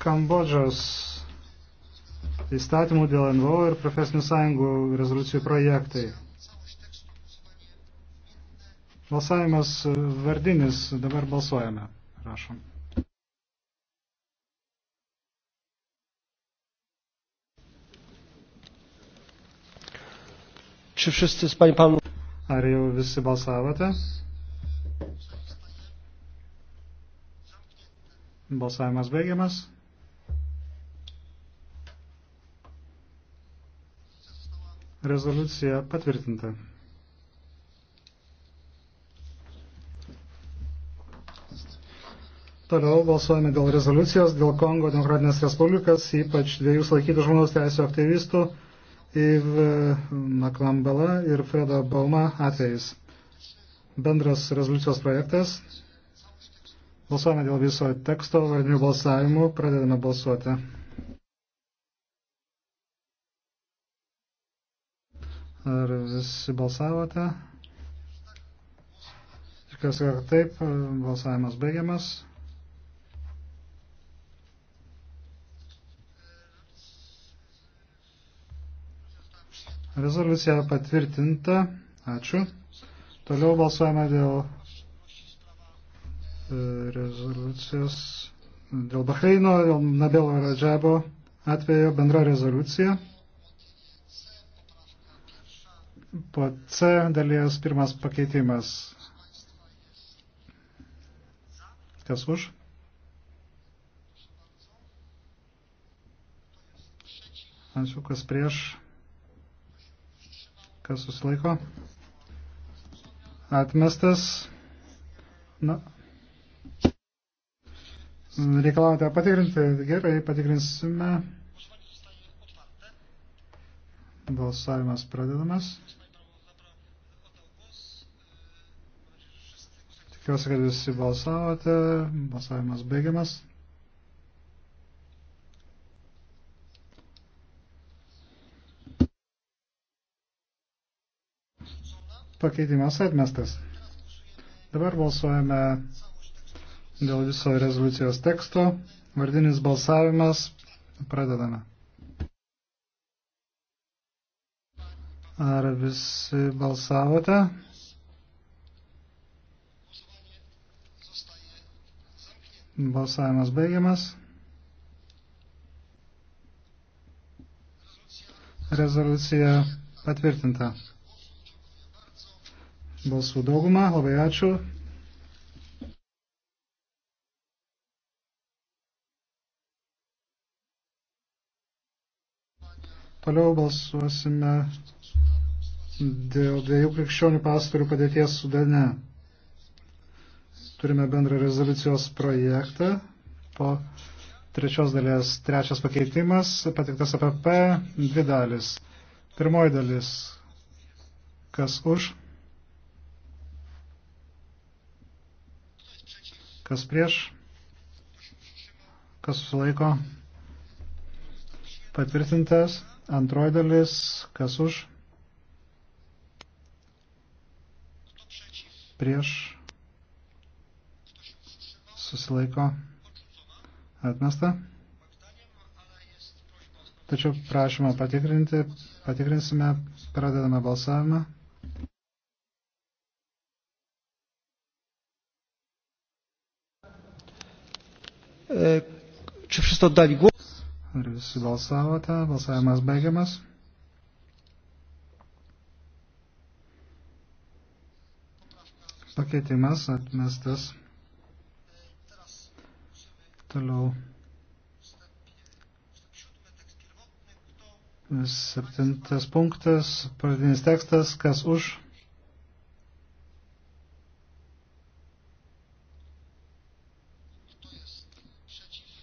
Kambodžos įstatymų dėl NVO ir profesinių sąjungų rezoliucijų projektai. Balsavimas vardinis, dabar balsuojame, prašom. Czy wszyscy z pań panów... Ar jau visi balsavote? Balsavimas baigiamas. Rezoliucija patvirtinta. Toliau balsuojame dėl rezoliucijos dėl Kongo Demokratinės Respublikas, ypač dviejų sulaikytų žmogaus teisų aktyvistų Iv Maklambela ir Freda Bauma atvejais. Bendras rezoliucijos projektas. Balsuojame dėl viso teksto, vardinių balsavimų, pradedame balsuoti. Ar visi balsavote? Tikiuosi, kad taip, balsavimas baigiamas. Rezoliucija patvirtinta. Ačiū. Toliau balsuojame dėl e, rezoliucijos, dėl Bahreino, dėl Nabelo Radžabo atvejo bendra rezoliucija po C dalies pirmas pakeitimas. Kas už? Ačiū, kas prieš. Kas susilaiko? Atmestas. Na. Reikalavate patikrinti. Gerai, patikrinsime. Balsavimas pradedamas. Tikiuosi, kad visi balsavote. Balsavimas baigiamas. Pakeitimas atmestas. Dabar balsuojame dėl viso rezoliucijos teksto. Vardinis balsavimas. Pradedame. Ar visi balsavote? Balsavimas baigiamas. Rezoliucija patvirtinta. Balsų daugumą. Labai ačiū. Toliau balsuosime dėl dviejų krikščionių pastorių padėties sudane. Turime bendrą rezoliucijos projektą po trečios dalies trečias pakeitimas, patiktas APP, dvi dalis. Pirmoji dalis, kas už, kas prieš, kas sulaiko, patvirtintas, antroji dalis, kas už, prieš, susilaiko atmesta. Tačiau prašymą patikrinti, patikrinsime, pradedame balsavimą. Čia šis to dalį głos? Ar visi balsavote? Balsavimas baigiamas. Pakeitimas atmestas. Toliau. Septintas punktas, pradinis tekstas, kas už.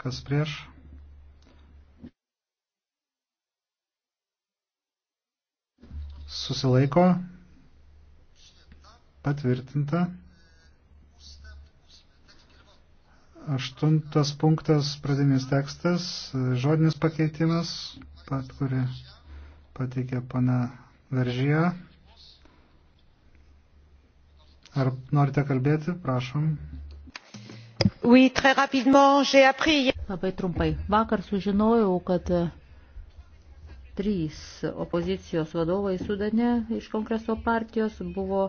Kas prieš? Susilaiko. Patvirtinta. Aštuntas punktas, pradinis tekstas, žodinis pakeitimas, pat, kurį pateikė pana Veržyje. Ar norite kalbėti? Prašom. Oui, très rapidement, j'ai appris. Labai trumpai. Vakar sužinojau, kad trys opozicijos vadovai Sudane iš kongreso partijos buvo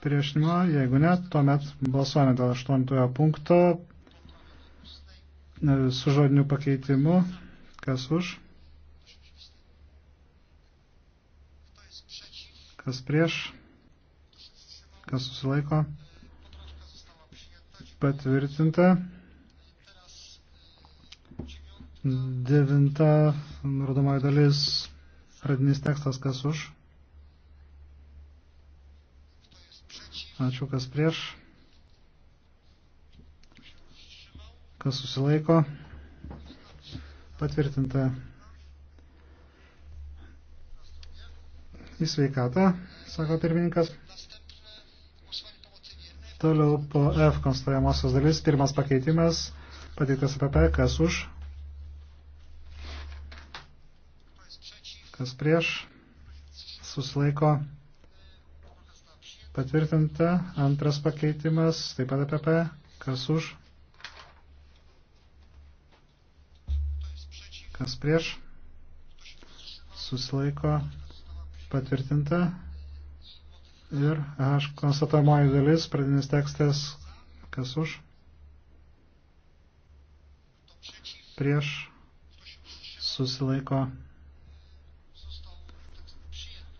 priešinimo, jeigu ne, tuomet balsuojame dėl aštuontojo punkto e, su žodiniu pakeitimu, kas už, kas prieš, kas susilaiko, patvirtinta. Devinta nurodomoji dalis, pradinis tekstas, kas už Ačiū, kas prieš. Kas susilaiko. Patvirtinta. Į sveikatą, sako pirmininkas. Toliau po F konstatuojamosios dalis, pirmas pakeitimas, pateiktas APP, kas už, kas prieš, susilaiko, Patvirtinta. Antras pakeitimas, taip pat APP. E Kas už? Kas prieš? Susilaiko. Patvirtinta. Ir aš konstatuojamoji dalis, pradinis tekstas. Kas už? Prieš? Susilaiko.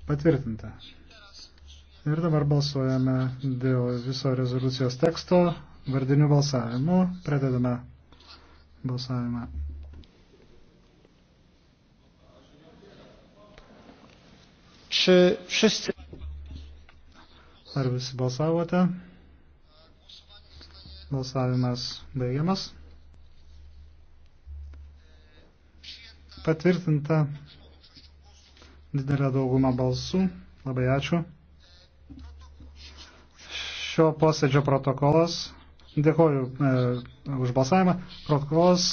Patvirtinta. Ir dabar balsuojame dėl viso rezoliucijos teksto vardinių balsavimų. Pradedame balsavimą. Czy wszyscy... Ar visi balsavote? Balsavimas baigiamas. Patvirtinta didelė dauguma balsų. Labai ačiū šio posėdžio protokolas. Dėkoju e, už balsavimą. Protokolas